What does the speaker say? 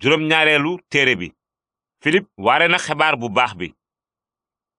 juróom ñaareelu téere bi filip waare na xibaar bu baax bi